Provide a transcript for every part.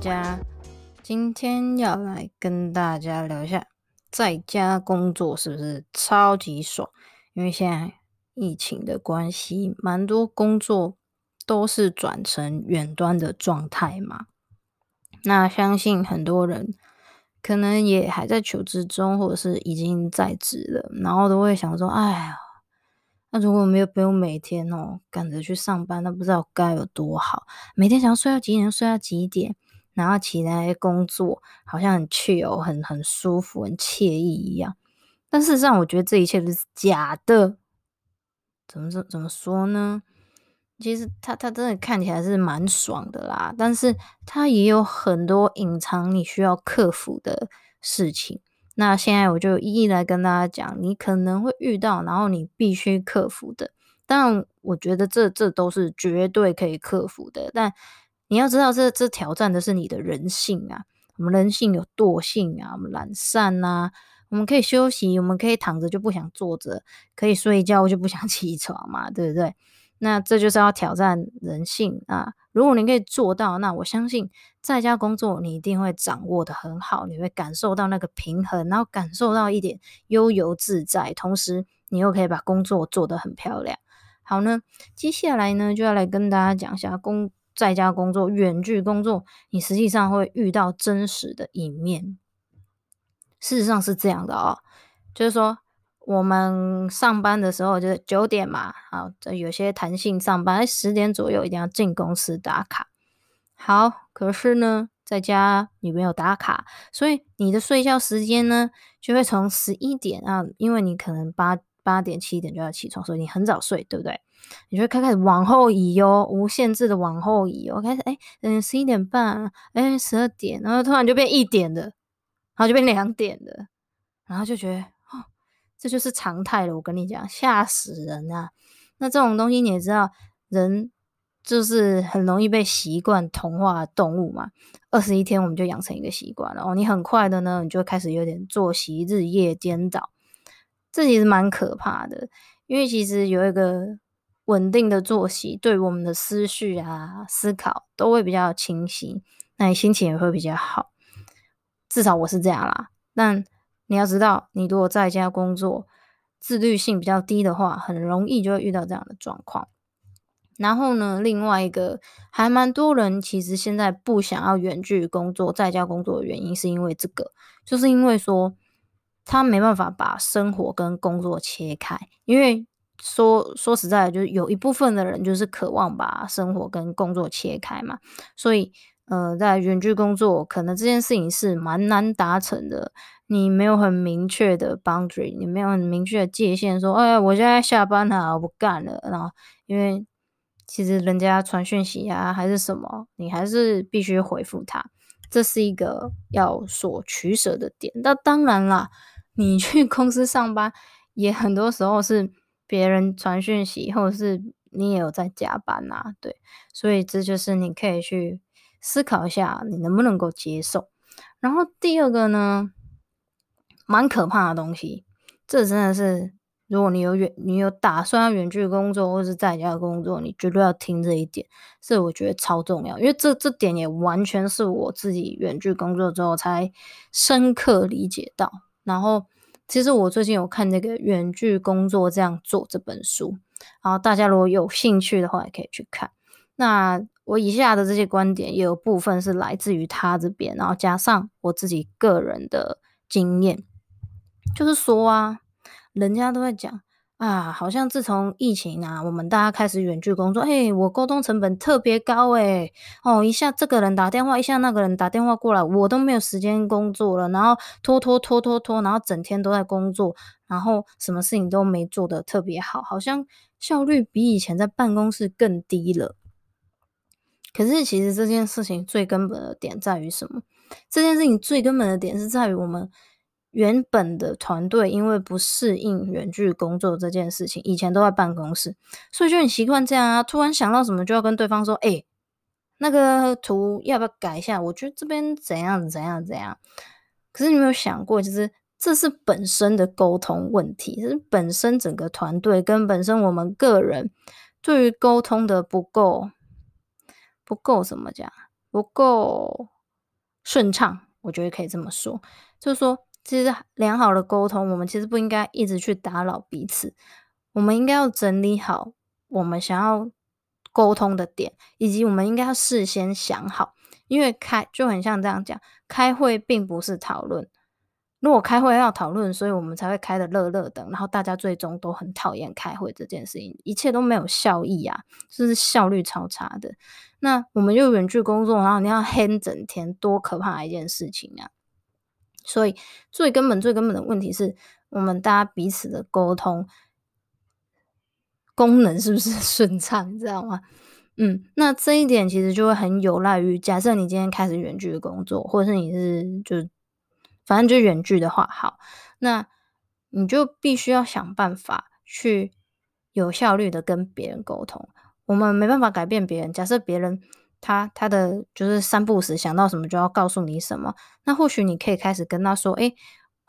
大家今天要來跟大家聊一下，在家工作是不是超級爽？因為現在疫情的關係，蠻多工作都是轉成遠端的狀態嘛。那相信很多人可能也還在求職中，或者是已經在職了，然後都會想說：“哎呀，那如果沒有不用每天哦趕着去上班，那不知道該有多好。每天想要睡到幾點就睡到幾點。幾點”然後遠距工作，好像很自由，很很舒服、很愜意一樣。但事實上，我覺得這一切都是假的。怎麼怎怎麼說呢？其實他他真的看起來是蠻爽的啦，但是他也有很多隱藏你需要克服的事情。那現在我就一一來跟大家講，你可能會遇到，然後你必須克服的。但我覺得這這都是絕對可以克服的。但你要知道這，這這挑戰的是你的人性啊！我們人性有惰性啊，我們懶散吶、啊，我們可以休息，我們可以躺着就不想坐着，可以睡一覺我就不想起床嘛，對不對？那這就是要挑戰人性啊！如果你可以做到，那我相信在家工作你一定會掌握得很好，你會感受到那個平衡，然後感受到一點悠游自在，同時你又可以把工作做得很漂亮。好呢，接下來呢就要來跟大家講一下工。在家工作、遠距工作，你實際上會遇到真實的一面。事實上是這樣的哦，就是說我們上班的時候就是九點嘛，好，這有些彈性上班，十點左右一定要進公司打卡。好，可是呢，在家你沒有打卡，所以你的睡覺時間呢，就會從十一點啊，因為你可能八。八點七點就要起床，所以你很早睡，對不對？你就開始往後移喲、哦，無限制的往後移、哦。我開始哎，嗯，十一點半，哎，十二點，然後突然就變一點的，然後就變兩點的，然後就覺得哦，這就是常態了。我跟你講，嚇死人啊！那這種東西你也知道，人就是很容易被習慣同化的動物嘛。二十一天，我們就養成一個習慣，然後你很快的呢，你就開始有點作息日夜顛倒。這其實蠻可怕的，因為其實有一個穩定的作息，對我們的思緒啊、思考都會比較清晰，那你心情也會比較好。至少我是這樣啦。但你要知道，你如果在家工作，自律性比較低的話，很容易就會遇到這樣的狀況。然後呢，另外一個還蠻多人其實現在不想要遠距工作，在家工作的原因是因為這個，就是因為說。他沒辦法把生活跟工作切開，因為說說實在，就是有一部分的人就是渴望把生活跟工作切開嘛，所以呃，在遠距工作，可能這件事情是蠻難達成的。你沒有很明確的 boundary，你沒有很明確的界限說，說、欸、哎，我現在下班了，我不幹了，然後因為其實人家傳訊息啊，還是什麼，你還是必須回復他。這是一個要所取捨的點。那當然啦，你去公司上班，也很多時候是別人傳訊息，或者是你也有在加班吶、啊，對。所以這就是你可以去思考一下，你能不能夠接受。然後第二個呢，蠻可怕的東西，這真的是。如果你有遠，你有打算要遠距工作或者是在家工作，你絕對要聽這一點，所以我覺得超重要，因為這這點也完全是我自己遠距工作之後才深刻理解到。然後，其實我最近有看那個《遠距工作這樣做》這本書，然後大家如果有興趣的話，也可以去看。那我以下的這些觀點也有部分是來自於他這邊，然後加上我自己個人的經驗，就是說啊。人家都在講啊，好像自從疫情啊，我們大家開始遠距工作，誒、欸、我溝通成本特別高、欸，誒哦，一下這個人打電話，一下那個人打電話過來，我都沒有時間工作了，然後拖拖拖拖拖，然後整天都在工作，然後什麼事情都沒做得特別好，好像效率比以前在辦公室更低了。可是，其實這件事情最根本的點在於什麼？這件事情最根本的點是在於我們。原本的團隊因為不適應遠距工作這件事情，以前都在辦公室，所以就很習慣這樣啊。突然想到什麼，就要跟對方說：“哎、欸，那個圖要不要改一下？我覺得這邊怎樣怎樣怎樣怎樣。”可是你有沒有想過，就是這是本身的溝通問題，是本身整個團隊跟本身我們個人對於溝通的不夠，不夠怎麼講？不夠順暢，我覺得可以這麼說，就是說。其實良好的溝通，我們其實不應該一直去打擾彼此，我們應該要整理好我們想要溝通的點，以及我們應該要事先想好，因為開就很像這樣講，開會並不是討論，如果開會要討論，所以我們才會開的熱熱的，然後大家最終都很討厭開會這件事情，一切都沒有效益啊，就是,是效率超差的，那我們就遠距工作，然後你要喊整天，多可怕的一件事情啊！所以最根本、最根本的問題是我們大家彼此的溝通功能是不是順暢？你知道嗎？嗯，那這一點其實就會很有賴於，假設你今天開始遠距的工作，或者是你是就反正就遠距的話，好，那你就必須要想辦法去有效率的跟別人溝通。我們沒辦法改變別人，假設別人。他他的就是三不時想到什麼就要告訴你什麼。那或許你可以開始跟他說，誒，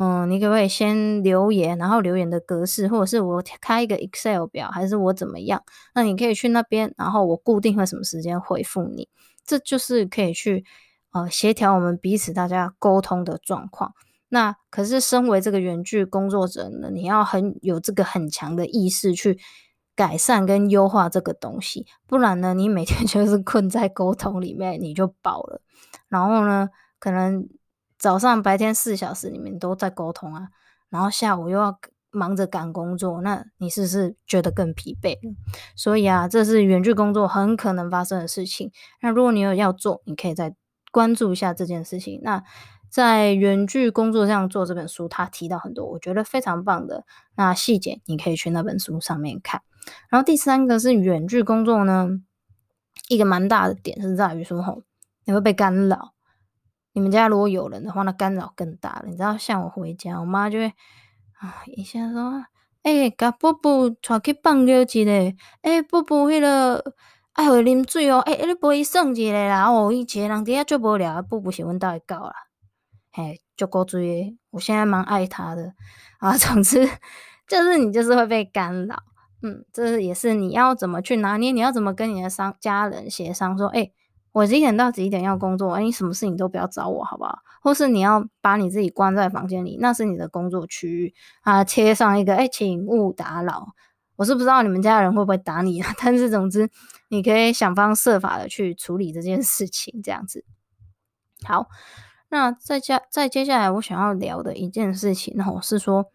嗯，你可不可以先留言？然後留言的格式，或者是我開一個 Excel 表，還是我怎麼樣？那你可以去那邊，然後我固定會什麼時間回復你。這就是可以去呃協調我們彼此大家溝通的狀況。那可是身為這個遠距工作者呢，你要很有這個很強的意識去改善跟優化這個東西，不然呢，你每天就是困在溝通裡面，你就飽了。然後呢，可能早上白天四小時裡面都在溝通啊，然後下午又要忙着趕工作，那你是不是覺得更疲憊了？所以啊，這是遠距工作很可能發生的事情。那如果你有要做，你可以再關注一下這件事情。那在遠距工作這樣做這本書，他提到很多我覺得非常棒的那細節，你可以去那本書上面看。然後第三個是遠距工作呢，一個蠻大的點是在於說吼，你會被干擾。你們家如果有人的話，那干擾更大了。你知道，像我回家，我媽就會啊、哦、一下說，誒、欸，噶布布，出去放尿去嘞，誒，布、那、布、個，迄個愛會啉水哦，誒、欸，你陪伊耍一下啦，我伊一個人在遐做無聊，布布喜歡到底狗啦，誒就古錐。我現在蠻愛他的啊，總之就是你就是會被干擾。嗯，這是也是你要怎麼去拿捏，你要怎麼跟你的商家人協商說，哎、欸，我幾點到幾點要工作，哎、欸，你什麼事情都不要找我，好不好？或是你要把你自己關在房間裡，那是你的工作區域啊，貼上一個哎、欸，請勿打擾。我是不知道你們家人會不會打你，但是總之你可以想方設法的去處理這件事情，這樣子。好，那在家，在接下來我想要聊的一件事情哦，是說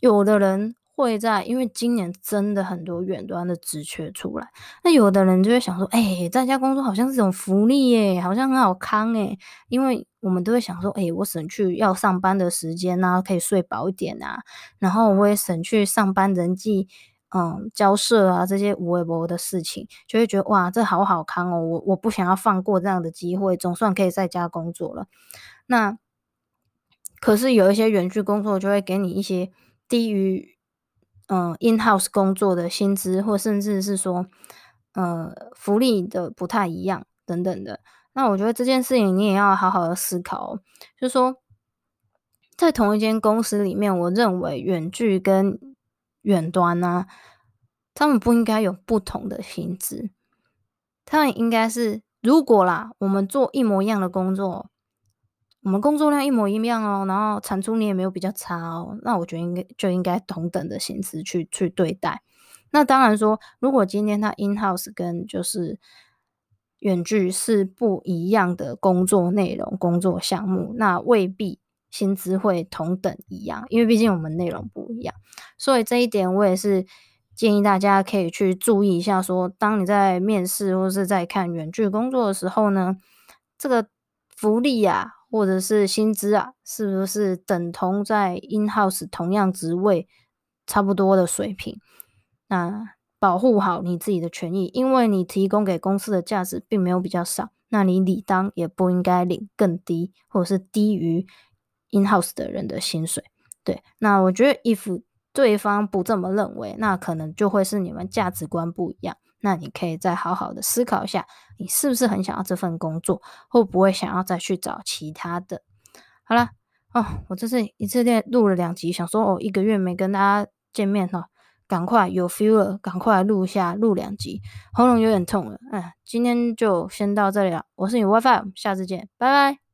有的人。會在，因為今年真的很多遠端的職缺出來，那有的人就會想說，哎、欸，在家工作好像是種福利耶，好像很好康誒，因為我們都會想說，哎、欸，我省去要上班的時間吶、啊，可以睡飽一點啊，然後我也省去上班人際，嗯，交涉啊，這些無謂博的事情，就會覺得哇，這好好康哦，我我不想要放過這樣的機會，總算可以在家工作了。那可是有一些遠距工作就會給你一些低於。嗯，in house 工作的薪資或甚至是說，呃，福利的不太一樣等等的。那我覺得這件事情你也要好好的思考。就說，在同一間公司裡面，我認為遠距跟遠端呢、啊，他們不應該有不同的薪資，他們應該是如果啦，我們做一模一樣的工作。我們工作量一模一樣哦，然後產出你也沒有比較差哦，那我覺得應該就應該同等的薪資去去對待。那當然說，如果今天他 in house 跟就是遠距是不一樣的工作內容、工作項目，那未必薪資會同等一樣，因為畢竟我們內容不一樣。所以這一點我也是建議大家可以去注意一下說，說當你在面試或是在看遠距工作的時候呢，這個福利呀、啊。或者是薪資啊，是不是等同在 in house 同樣職位差不多的水平？那保護好你自己的權益，因為你提供給公司的價值並沒有比較少，那你理當也不應該領更低，或者是低於 in house 的人的薪水。對，那我覺得 if 對方不這麼認為，那可能就會是你們價值觀不一樣。那你可以再好好的思考一下，你是不是很想要這份工作，會不會想要再去找其他的？好啦，哦，我這是一次練錄了兩集，想說哦，一個月沒跟大家見面哈、哦，趕快有 feel 了，趕快錄一下，錄兩集，喉嚨有點痛了，哎、嗯，今天就先到這裡了，我是你 WiFi，下次見，拜拜。